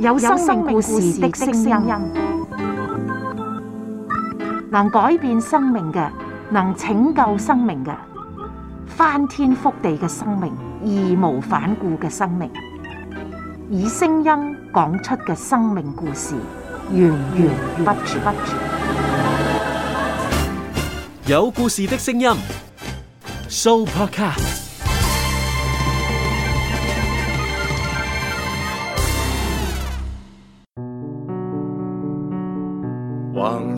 有生命故事的聲音，能改變生命嘅，能拯救生命嘅，翻天覆地嘅生命，義無反顧嘅生命，以聲音講出嘅生命故事，源源不絕。有故事的聲音，Supercar。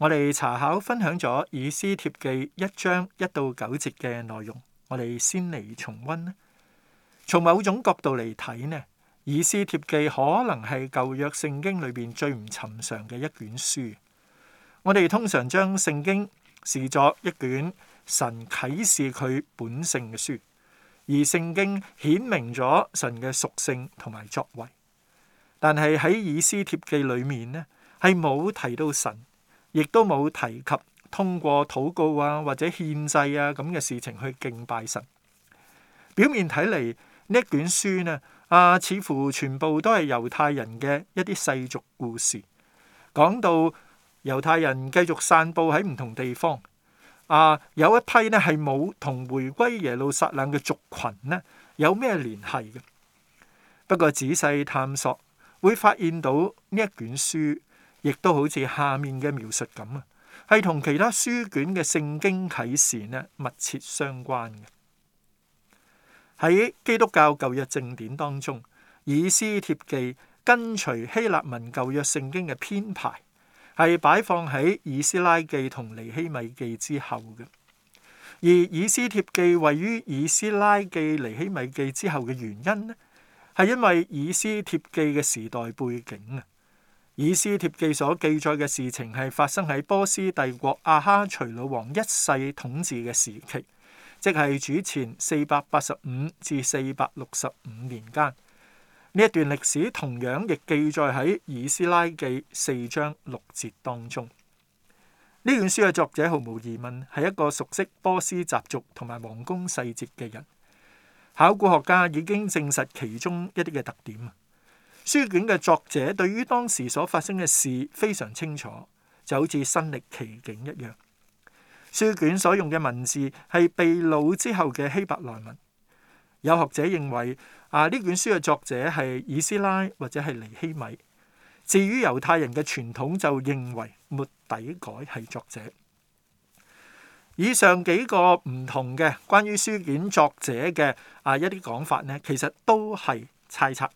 我哋查考分享咗以斯帖記一章一到九節嘅內容，我哋先嚟重溫。從某種角度嚟睇呢，以斯帖記可能係舊約聖經裏邊最唔尋常嘅一卷書。我哋通常將聖經視作一卷神啟示佢本性嘅書，而聖經顯明咗神嘅屬性同埋作為。但係喺以斯帖記裏面呢，係冇提到神。亦都冇提及通過禱告啊，或者獻祭啊咁嘅事情去敬拜神。表面睇嚟呢一卷書呢，啊，似乎全部都係猶太人嘅一啲世俗故事。講到猶太人繼續散佈喺唔同地方，啊，有一批呢係冇同回歸耶路撒冷嘅族群呢，有咩聯繫嘅？不過仔細探索會發現到呢一卷書。亦都好似下面嘅描述咁啊，係同其他書卷嘅聖經啟示咧密切相關嘅。喺基督教舊約正典當中，《以斯帖記》跟隨希臘文舊約聖經嘅編排，係擺放喺《以斯拉記》同《尼希米記》之後嘅。而《以斯帖記》位於《以斯拉記》、《尼希米記》之後嘅原因咧，係因為《以斯帖記》嘅時代背景啊。以斯帖記所記載嘅事情係發生喺波斯帝國阿哈隨魯王一世統治嘅時期，即係主前四百八十五至四百六十五年間。呢一段歷史同樣亦記載喺《以斯拉記》四章六節當中。呢本書嘅作者毫無疑問係一個熟悉波斯習俗同埋王宮細節嘅人。考古學家已經證實其中一啲嘅特點。書卷嘅作者對於當時所發生嘅事非常清楚，就好似身歷其境一樣。書卷所用嘅文字係被擄之後嘅希伯來文。有學者認為啊，呢卷書嘅作者係以斯拉或者係尼希米。至於猶太人嘅傳統就認為末底改係作者。以上幾個唔同嘅關於書卷作者嘅啊一啲講法呢，其實都係猜測。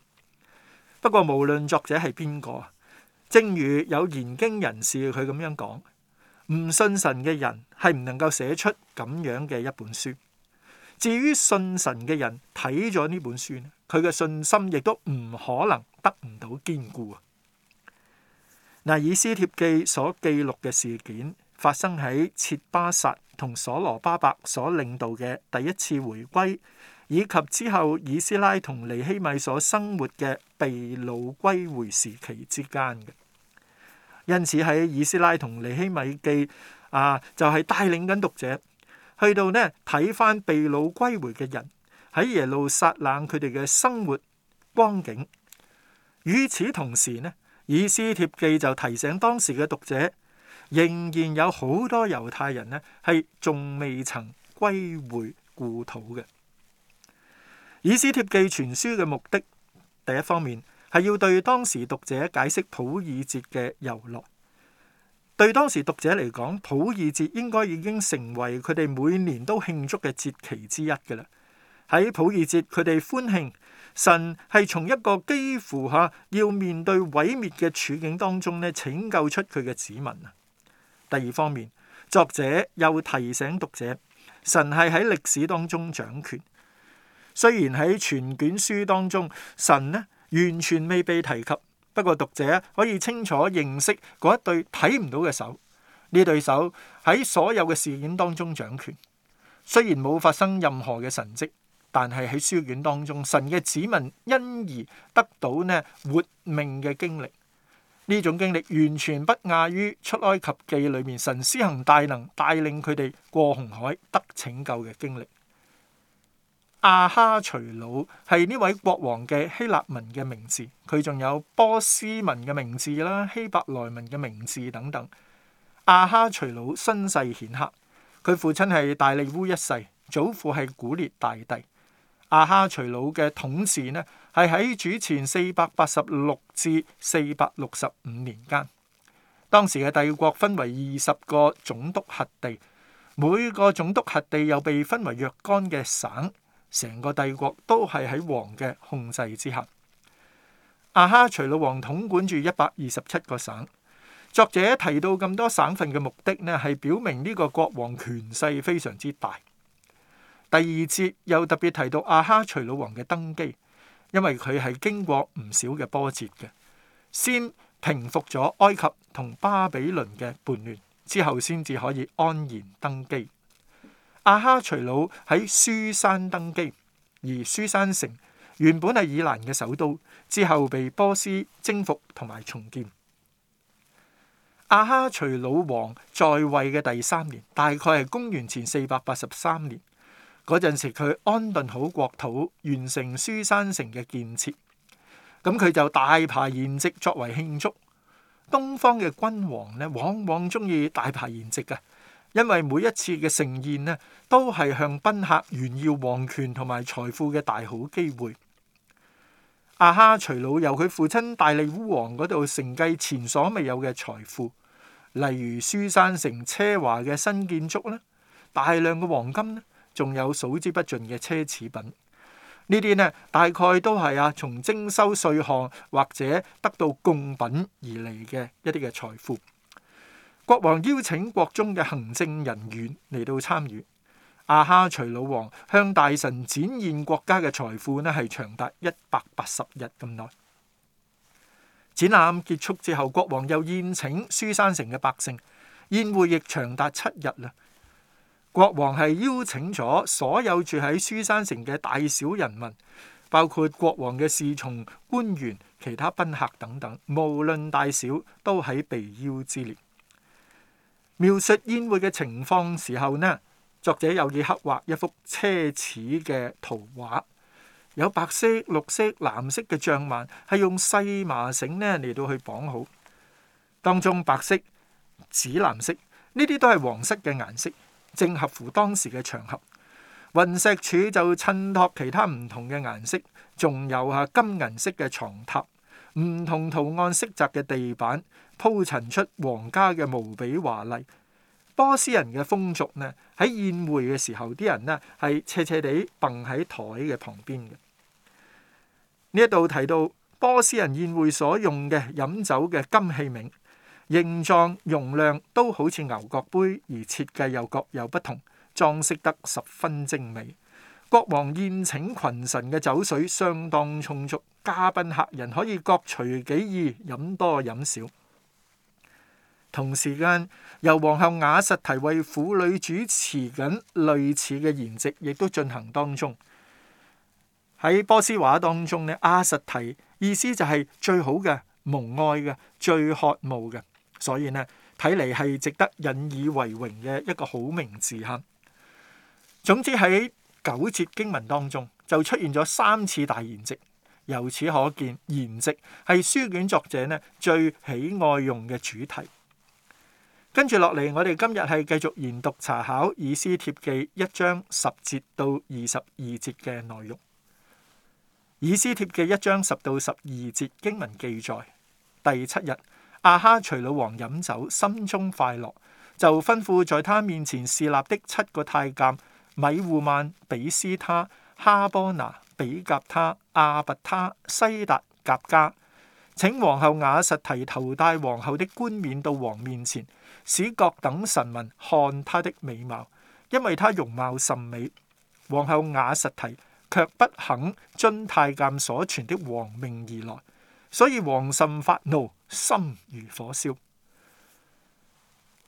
不過無論作者係邊個，正如有研經人士佢咁樣講，唔信神嘅人係唔能夠寫出咁樣嘅一本書。至於信神嘅人睇咗呢本書，佢嘅信心亦都唔可能得唔到堅固。嗱，以斯帖記所記錄嘅事件，發生喺切巴撒同所羅巴伯所領導嘅第一次回歸以及之後以斯拉同尼希米所生活嘅被擄歸，歸回時期之間嘅，因此喺以斯拉同尼希米記啊，就係、是、帶領緊讀者去到呢睇翻被擄歸回嘅人喺耶路撒冷佢哋嘅生活光景。與此同時呢，以斯帖記就提醒當時嘅讀者，仍然有好多猶太人呢係仲未曾歸回故土嘅。以斯帖記傳書嘅目的，第一方面係要對當時讀者解釋普珥節嘅由來。對當時讀者嚟講，普珥節應該已經成為佢哋每年都慶祝嘅節期之一嘅啦。喺普珥節，佢哋歡慶神係從一個幾乎吓要面對毀滅嘅處境當中咧拯救出佢嘅子民啊。第二方面，作者又提醒讀者，神係喺歷史當中掌權。雖然喺全卷書當中，神呢完全未被提及，不過讀者可以清楚認識嗰一對睇唔到嘅手。呢對手喺所有嘅事件當中掌權，雖然冇發生任何嘅神蹟，但係喺書卷當中，神嘅子民因而得到呢活命嘅經歷。呢種經歷完全不亞於出埃及記裏面神施行大能，帶領佢哋過紅海得拯救嘅經歷。亞哈隨魯係呢位國王嘅希臘文嘅名字，佢仲有波斯文嘅名字啦、希伯來文嘅名字等等。亞哈隨魯身世顯赫，佢父親係大利烏一世，祖父係古列大帝。亞哈隨魯嘅統治呢係喺主前四百八十六至四百六十五年間。當時嘅帝國分為二十個總督轄地，每個總督轄地又被分為若干嘅省。成個帝國都係喺王嘅控制之下。亞哈隨魯王統管住一百二十七個省。作者提到咁多省份嘅目的呢，係表明呢個國王權勢非常之大。第二節又特別提到亞哈隨魯王嘅登基，因為佢係經過唔少嘅波折嘅，先平復咗埃及同巴比倫嘅叛亂，之後先至可以安然登基。亞哈隨魯喺書珊登基，而書珊城原本係以攔嘅首都，之後被波斯征服同埋重建。亞哈隨魯王在位嘅第三年，大概係公元前四百八十三年嗰陣時，佢安頓好國土，完成書珊城嘅建設。咁佢就大排筵席作為慶祝。東方嘅君王呢，往往中意大排筵席嘅啊。因為每一次嘅盛宴咧，都係向賓客炫耀皇權同埋財富嘅大好機會。阿、啊、哈隨魯由佢父親大利烏王嗰度承繼前所未有嘅財富，例如書珊城奢華嘅新建築咧，大量嘅黃金咧，仲有數之不盡嘅奢侈品。呢啲咧大概都係啊，從徵收稅項或者得到貢品而嚟嘅一啲嘅財富。國王邀請國中嘅行政人員嚟到參與。阿、啊、哈隨魯王向大臣展現國家嘅財富呢係長達一百八十日咁耐。展覽結束之後，國王又宴請書珊城嘅百姓，宴會亦長達七日啦。國王係邀請咗所有住喺書珊城嘅大小人民，包括國王嘅侍從、官員、其他賓客等等，無論大小都喺被邀之列。描述宴會嘅情況時候呢，作者有意刻畫一幅奢侈嘅圖畫，有白色、綠色、藍色嘅帳幔，係用細麻繩呢嚟到去綁好。當中白色、紫藍色呢啲都係黃色嘅顏色，正合乎當時嘅場合。雲石柱就襯托其他唔同嘅顏色，仲有啊金銀色嘅床榻，唔同圖案色澤嘅地板，鋪陳出皇家嘅無比華麗。波斯人嘅風俗呢，喺宴會嘅時候，啲人呢係斜斜地揈喺台嘅旁邊嘅。呢一度提到波斯人宴會所用嘅飲酒嘅金器皿，形狀容量都好似牛角杯，而設計又各有不同，裝飾得十分精美。國王宴請群臣嘅酒水相當充足，嘉賓客人可以各隨己意飲多飲少。同時間，由皇后瓦實提為婦女主持緊類似嘅筵席，亦都進行當中。喺波斯話當中呢，瓦實提意思就係最好嘅、蒙愛嘅、最渴慕嘅，所以呢，睇嚟係值得引以為榮嘅一個好名字啊。總之喺九節經文當中就出現咗三次大筵席，由此可見筵席係書卷作者呢，最喜愛用嘅主題。跟住落嚟，我哋今日係繼續研讀查考《以斯帖記》一章十節到二十二節嘅內容。《以斯帖記》一章十到十二節經文記載：第七日，亞哈隨魯王飲酒，心中快樂，就吩咐在他面前侍立的七個太監米戶曼、比斯他、哈波拿、比甲他、阿拔他、西達、甲加，請皇后雅實提頭戴皇后的冠冕到王面前。使各等臣民看他的美貌，因為他容貌甚美。皇后雅實提卻不肯遵太監所傳的皇命而來，所以王甚發怒，心如火燒。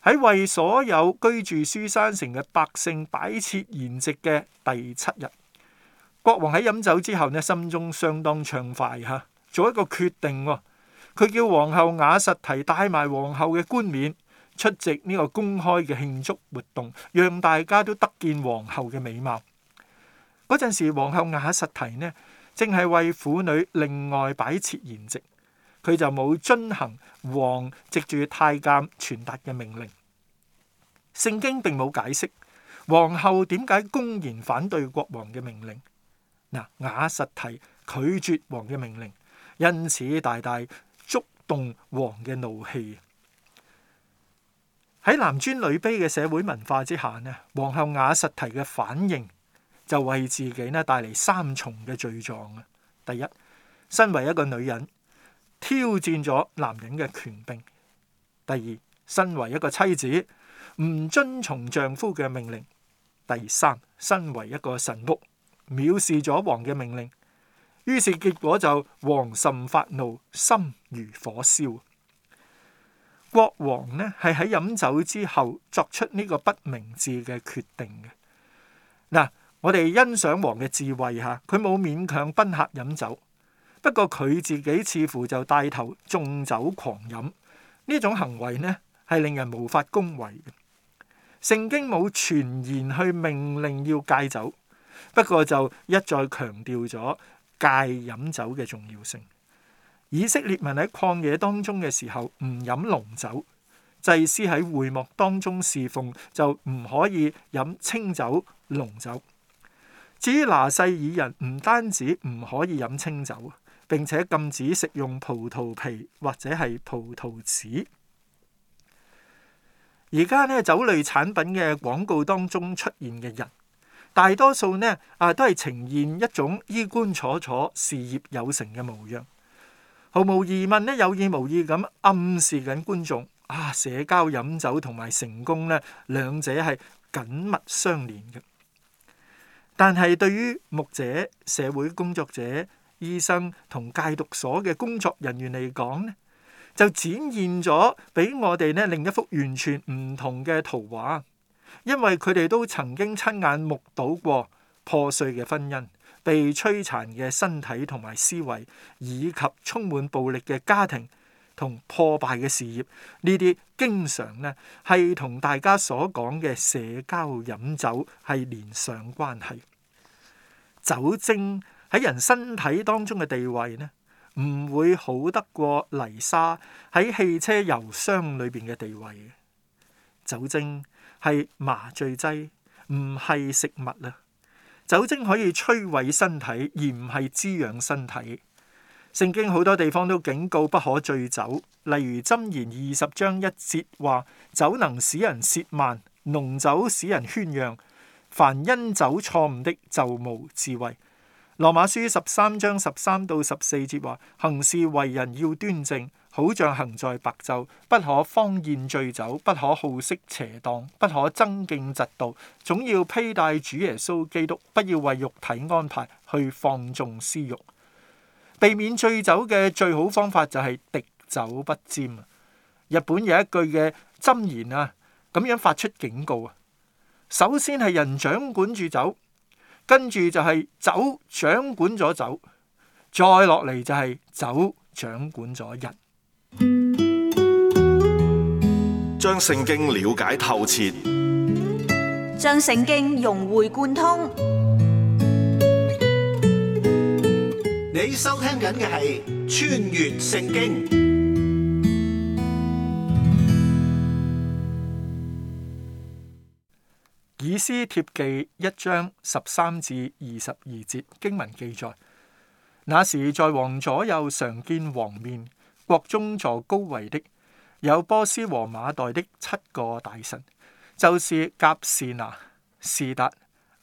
喺為所有居住書山城嘅百姓擺設筵席嘅第七日，國王喺飲酒之後呢，心中相當暢快吓，做一個決定。佢叫皇后雅實提帶埋皇后嘅冠冕。出席呢個公開嘅慶祝活動，讓大家都得見皇后嘅美貌。嗰陣時，皇后雅實提呢，正係為婦女另外擺設筵席，佢就冇遵行王藉住太監傳達嘅命令。聖經並冇解釋皇后點解公然反對國王嘅命令。雅實提拒絕王嘅命令，因此大大觸動王嘅怒氣。喺男尊女卑嘅社會文化之下呢，皇后雅實提嘅反應就為自己咧，帶嚟三重嘅罪狀啊！第一，身為一個女人，挑戰咗男人嘅權柄；第二，身為一個妻子，唔遵從丈夫嘅命令；第三，身為一個神僕，藐視咗王嘅命令。於是結果就王甚發怒，心如火燒。國王呢係喺飲酒之後作出呢個不明智嘅決定嘅。嗱，我哋欣賞王嘅智慧嚇，佢冇勉強賓客飲酒。不過佢自己似乎就帶頭縱酒狂飲，呢種行為呢係令人無法恭維嘅。聖經冇傳言去命令要戒酒，不過就一再強調咗戒飲酒嘅重要性。以色列人喺曠野當中嘅時候唔飲濃酒；祭司喺會幕當中侍奉就唔可以飲清酒、濃酒。至於拿細爾人，唔單止唔可以飲清酒，並且禁止食用葡萄皮或者係葡萄籽。而家呢酒類產品嘅廣告當中出現嘅人，大多數呢啊都係呈現一種衣冠楚楚、事業有成嘅模樣。毫無疑問咧，有意無意咁暗示緊觀眾啊，社交飲酒同埋成功咧，兩者係緊密相連嘅。但係對於牧者、社會工作者、醫生同戒毒所嘅工作人員嚟講咧，就展現咗俾我哋咧另一幅完全唔同嘅圖畫，因為佢哋都曾經親眼目睹過破碎嘅婚姻。被摧殘嘅身體同埋思維，以及充滿暴力嘅家庭同破敗嘅事業，呢啲經常呢係同大家所講嘅社交飲酒係連上關係。酒精喺人身體當中嘅地位呢唔會好得過泥沙喺汽車油箱裏邊嘅地位。酒精係麻醉劑，唔係食物啊！酒精可以摧毀身體，而唔係滋養身體。聖經好多地方都警告不可醉酒，例如箴言二十章一節話：酒能使人褻慢，濃酒使人喧嚷。凡因酒錯誤的，就無智慧。羅馬書十三章十三到十四節話，行事為人要端正，好像行在白晝，不可荒宴醉酒，不可好色邪蕩，不可爭競嫉妒，總要披戴主耶穌基督，不要為肉體安排去放縱私欲。避免醉酒嘅最好方法就係滴酒不沾。日本有一句嘅箴言啊，咁樣發出警告啊。首先係人掌管住酒。跟住就係酒掌管咗酒，再落嚟就係酒掌管咗人，將聖經了解透徹，將聖經融會貫通。貫通，你收聽緊嘅係穿越聖經。斯帖記一章十三至二十二節經文記載，那時在王左右常見王面、國中坐高位的有波斯和馬代的七個大臣，就是甲士拿、士達、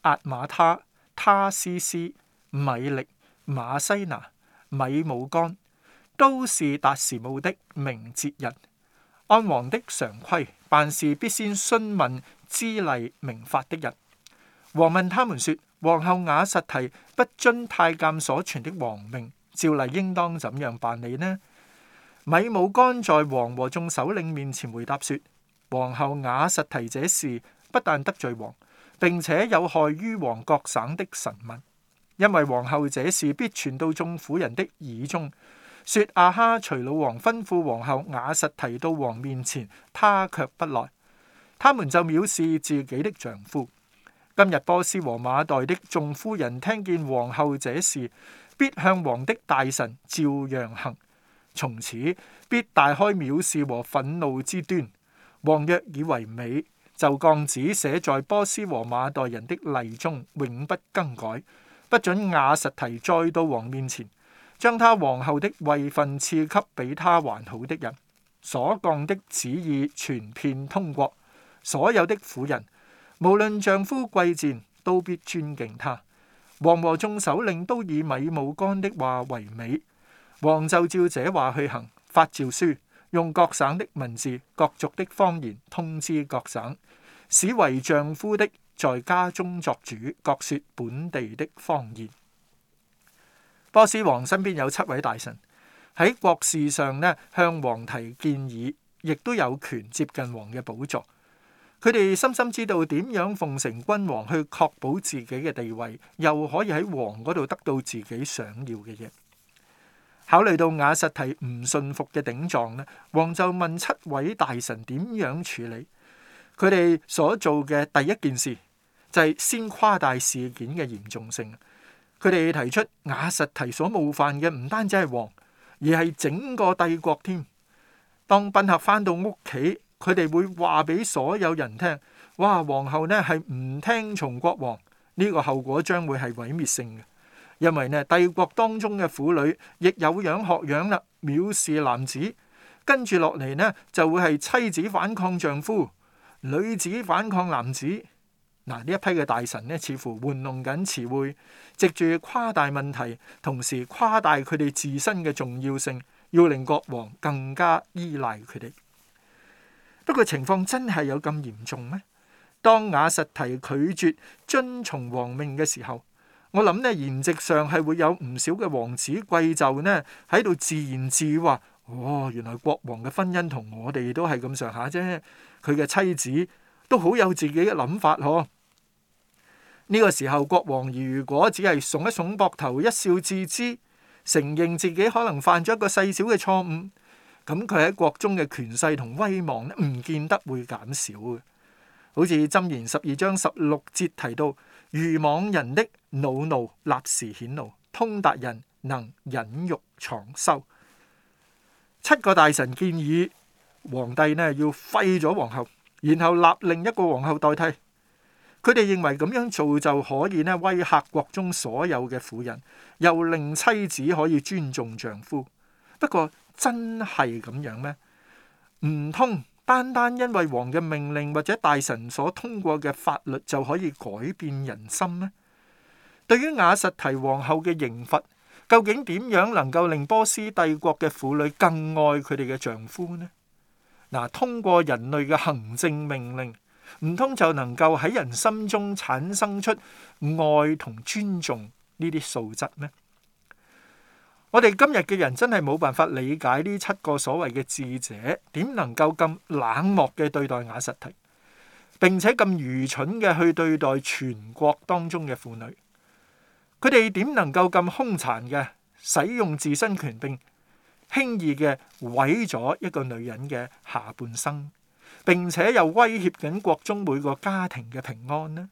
阿馬他、他斯斯、米力、馬西拿、米姆干，都是達時務的明哲人。按王的常規，辦事必先詢問，知禮明法的人，王問他們說：皇后雅實提不遵太監所傳的王命，照例應當怎樣辦理呢？米母干在王和眾首領面前回答說：皇后雅實提這事不但得罪王，並且有害於王各省的臣民，因為皇后這事必傳到眾婦人的耳中，說阿哈隨老王吩咐皇后雅實提到王面前，他卻不來。他們就藐視自己的丈夫。今日波斯和馬代的眾夫人聽見王后這事，必向王的大臣照樣行，從此必大開藐視和憤怒之端。王若以為美，就降旨寫在波斯和馬代人的例中，永不更改，不准亞實提再到王面前，將他王后的位份賜給比他還好的人。所降的旨意全遍通國。所有的婦人，無論丈夫貴賤，都必尊敬他。王和眾首領都以米母干的話為美，王就照這話去行。發詔書，用各省的文字、各族的方言通知各省，使為丈夫的在家中作主，各說本地的方言。波斯王身邊有七位大臣，喺國事上呢，向王提建議，亦都有權接近王嘅寶座。佢哋深深知道點樣奉承君王，去確保自己嘅地位，又可以喺王嗰度得到自己想要嘅嘢。考慮到瓦實提唔信服嘅頂撞呢，王就問七位大臣點樣處理。佢哋所做嘅第一件事就係、是、先誇大事件嘅嚴重性。佢哋提出瓦實提所冒犯嘅唔單止係王，而係整個帝國添。當賓客翻到屋企。佢哋會話俾所有人聽：哇！皇后呢係唔聽從國王，呢個後果將會係毀滅性嘅。因為呢，帝國當中嘅婦女亦有樣學樣啦，藐視男子。跟住落嚟呢就會係妻子反抗丈夫，女子反抗男子。嗱，呢一批嘅大臣呢，似乎玩弄緊詞彙，藉住誇大問題，同時誇大佢哋自身嘅重要性，要令國王更加依賴佢哋。不過情況真係有咁嚴重咩？當亞實提拒絕遵從王命嘅時候，我諗呢筵席上係會有唔少嘅王子貴胄呢喺度自言自語話，哦，原來國王嘅婚姻同我哋都係咁上下啫。佢嘅妻子都好有自己嘅諗法呵。呢、這個時候國王如果只係聳一聳膊頭一笑置之，承認自己可能犯咗一個細小嘅錯誤。咁佢喺國中嘅權勢同威望咧，唔見得會減少嘅。好似《箴言》十二章十六節提到，愚妄人的惱怒立時顯露，通達人能忍辱藏羞。七個大臣建議皇帝呢要廢咗皇后，然後立另一個皇后代替。佢哋認為咁樣做就可以咧威嚇國中所有嘅婦人，又令妻子可以尊重丈夫。不過，真係咁樣咩？唔通單單因為王嘅命令或者大臣所通過嘅法律就可以改變人心咩？對於雅實提皇后嘅刑罰，究竟點樣能夠令波斯帝國嘅婦女更愛佢哋嘅丈夫呢？嗱，通過人類嘅行政命令，唔通就能夠喺人心中產生出愛同尊重呢啲素質咩？我哋今日嘅人真係冇辦法理解呢七個所謂嘅智者，點能夠咁冷漠嘅對待雅實提，並且咁愚蠢嘅去對待全國當中嘅婦女。佢哋點能夠咁兇殘嘅使用自身權，並輕易嘅毀咗一個女人嘅下半生，並且又威脅緊國中每個家庭嘅平安呢？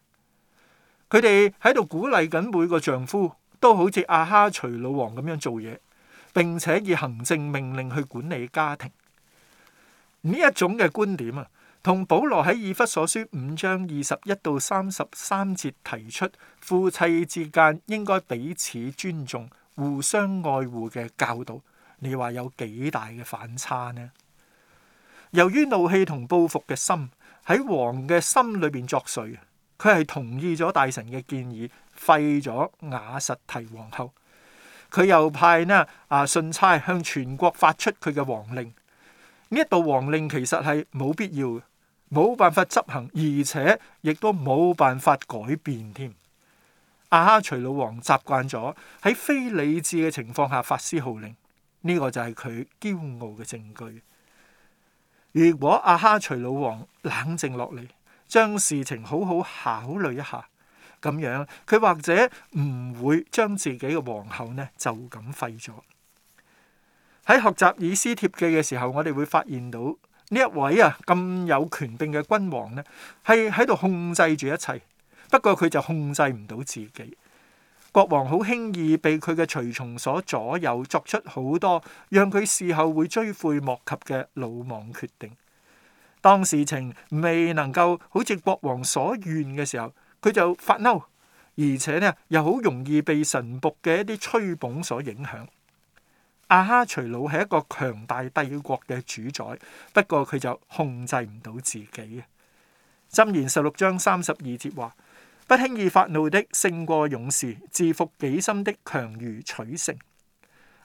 佢哋喺度鼓勵緊每個丈夫。都好似阿哈徐老王咁樣做嘢，並且以行政命令去管理家庭。呢一種嘅觀點啊，同保羅喺以弗所書五章二十一到三十三節提出夫妻之間應該彼此尊重、互相愛護嘅教導，你話有幾大嘅反差呢？由於怒氣同報復嘅心喺王嘅心裏邊作祟。佢係同意咗大臣嘅建議，廢咗雅實提皇后。佢又派呢啊信差向全國發出佢嘅皇令。呢一道皇令其實係冇必要嘅，冇辦法執行，而且亦都冇辦法改變添。阿、啊、哈隨魯王習慣咗喺非理智嘅情況下發施號令，呢、這個就係佢驕傲嘅證據。如果阿、啊、哈隨魯王冷靜落嚟，將事情好好考慮一下，咁樣佢或者唔會將自己嘅皇后呢就咁廢咗。喺學習《以斯帖記》嘅時候，我哋會發現到呢一位啊咁有權柄嘅君王呢，係喺度控制住一切。不過佢就控制唔到自己，國王好輕易被佢嘅隨從所左右，作出好多讓佢事後會追悔莫及嘅魯莽決定。當事情未能夠好似國王所願嘅時候，佢就發嬲，而且呢又好容易被神僕嘅一啲吹捧所影響。亞哈隨魯係一個強大帝國嘅主宰，不過佢就控制唔到自己。箴言十六章三十二節話：不輕易發怒的勝過勇士，自服己心的強如取城。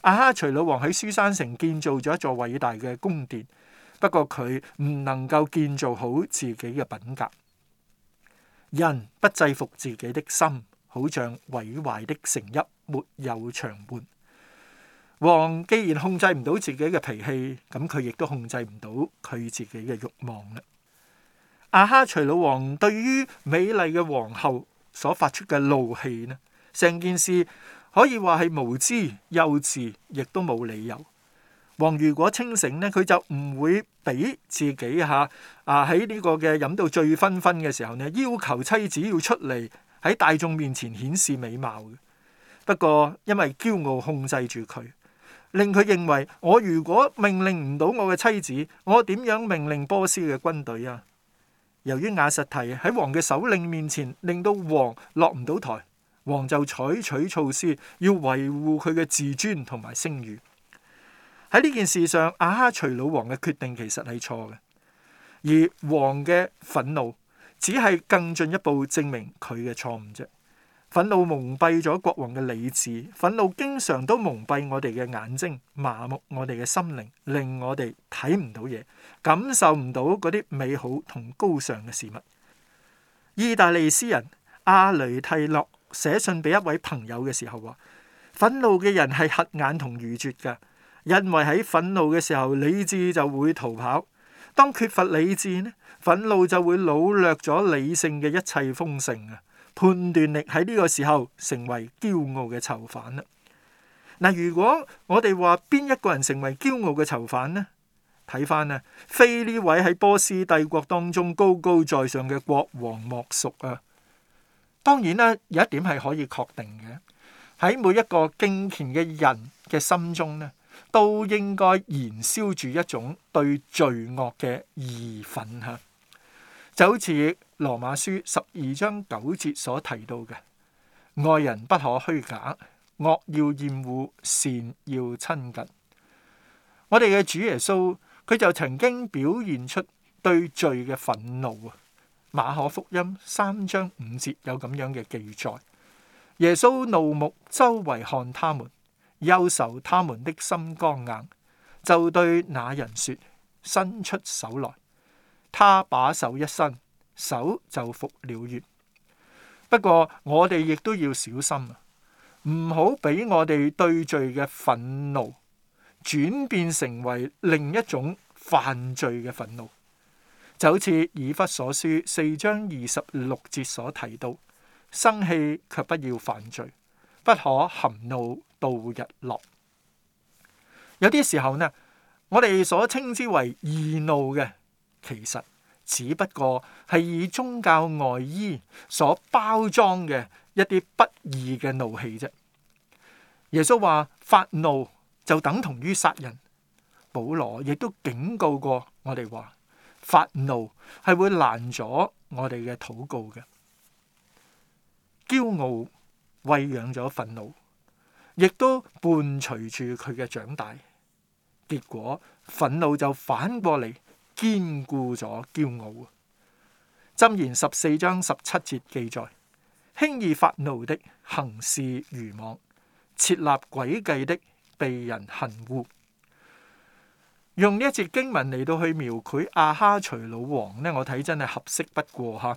亞哈隨魯王喺書珊城建造咗一座偉大嘅宮殿。不過佢唔能夠建造好自己嘅品格，人不制服自己的心，好像毀壞的城邑，沒有牆垣。王既然控制唔到自己嘅脾氣，咁佢亦都控制唔到佢自己嘅慾望啦。亞哈隨魯王對於美麗嘅皇后所發出嘅怒氣呢，成件事可以話係無知、幼稚，亦都冇理由。王如果清醒呢，佢就唔會俾自己嚇啊，喺呢個嘅飲到醉醺醺嘅時候呢，要求妻子要出嚟喺大眾面前顯示美貌嘅。不過因為驕傲控制住佢，令佢認為我如果命令唔到我嘅妻子，我點樣命令波斯嘅軍隊啊？由於亞實提喺王嘅首領面前，令到王落唔到台，王就採取措施要維護佢嘅自尊同埋聲譽。喺呢件事上，阿、啊、哈隨魯王嘅決定其實係錯嘅，而王嘅憤怒只係更進一步證明佢嘅錯誤啫。憤怒蒙蔽咗國王嘅理智，憤怒經常都蒙蔽我哋嘅眼睛，麻木我哋嘅心靈，令我哋睇唔到嘢，感受唔到嗰啲美好同高尚嘅事物。意大利詩人阿雷蒂諾寫信俾一位朋友嘅時候話：憤怒嘅人係瞎眼同愚絕嘅。因為喺憤怒嘅時候，理智就會逃跑；當缺乏理智呢，憤怒就會擄掠咗理性嘅一切豐盛啊！判斷力喺呢個時候成為驕傲嘅囚犯啦。嗱，如果我哋話邊一個人成為驕傲嘅囚犯呢？睇返啊，非呢位喺波斯帝國當中高高在上嘅國王莫屬啊！當然啦，有一點係可以確定嘅，喺每一個敬虔嘅人嘅心中呢，都應該燃燒住一種對罪惡嘅義憤啊，就好似羅馬書十二章九節所提到嘅，愛人不可虛假，惡要厭惡，善要親近。我哋嘅主耶穌佢就曾經表現出對罪嘅憤怒啊！馬可福音三章五節有咁樣嘅記載，耶穌怒目周圍看他們。憂愁他們的心剛硬，就對那人說：伸出手來。他把手一伸，手就復了原。不過我哋亦都要小心啊，唔好俾我哋對罪嘅憤怒轉變成為另一種犯罪嘅憤怒。就好似以弗所書四章二十六節所提到：生氣卻不要犯罪，不可含怒度日落，有啲時候呢，我哋所稱之為易怒嘅，其實只不過係以宗教外衣所包裝嘅一啲不義嘅怒氣啫。耶穌話發怒就等同於殺人，保羅亦都警告過我哋話發怒係會攔咗我哋嘅禱告嘅，驕傲餵養咗憤怒。亦都伴隨住佢嘅長大，結果憤怒就反過嚟堅固咗驕傲啊！箴言十四章十七節記載：輕易發怒的行事愚妄，設立詭計的被人恨惡。用呢一節經文嚟到去描繪亞哈隨魯王呢，我睇真係合適不過哈。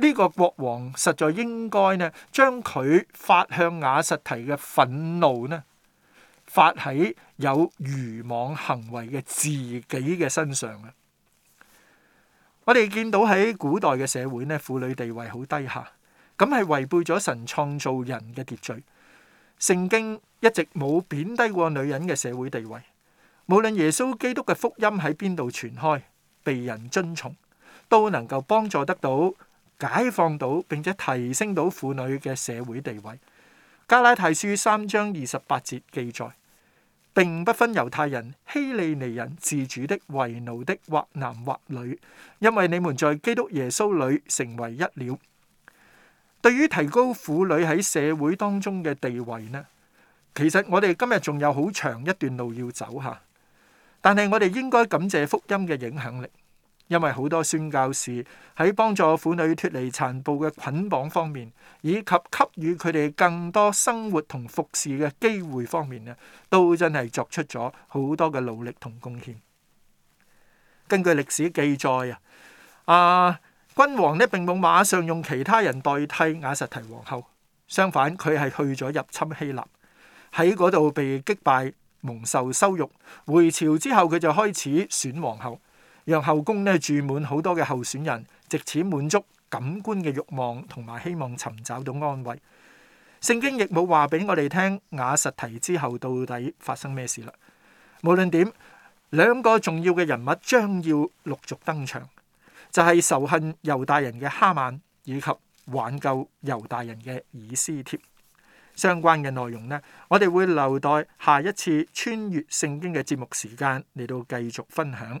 呢個國王實在應該咧，將佢發向雅實提嘅憤怒咧，發喺有愚妄行為嘅自己嘅身上啊！我哋見到喺古代嘅社會咧，婦女地位好低下，咁係違背咗神創造人嘅秩序。聖經一直冇貶低過女人嘅社會地位，無論耶穌基督嘅福音喺邊度傳開，被人遵從，都能夠幫助得到。解放到並且提升到婦女嘅社會地位。加拉太書三章二十八節記載，並不分猶太人、希利尼人，自主的、為奴的，或男或女，因為你們在基督耶穌裏成為一了。對於提高婦女喺社會當中嘅地位呢，其實我哋今日仲有好長一段路要走吓，但係我哋應該感謝福音嘅影響力。因為好多宣教士喺幫助婦女脫離殘暴嘅捆綁方面，以及給予佢哋更多生活同服侍嘅機會方面咧，都真係作出咗好多嘅努力同貢獻。根據歷史記載啊，啊君王咧並冇馬上用其他人代替瓦實提皇后，相反佢係去咗入侵希臘，喺嗰度被擊敗，蒙受羞辱。回朝之後佢就開始選皇后。讓後宮咧住滿好多嘅候選人，借此滿足感官嘅欲望，同埋希望尋找到安慰。聖經亦冇話俾我哋聽，雅實提之後到底發生咩事啦。無論點，兩個重要嘅人物將要陸續登場，就係、是、仇恨猶大人嘅哈曼，以及挽救猶大人嘅以斯帖。相關嘅內容呢，我哋會留待下一次穿越聖經嘅節目時間嚟到繼續分享。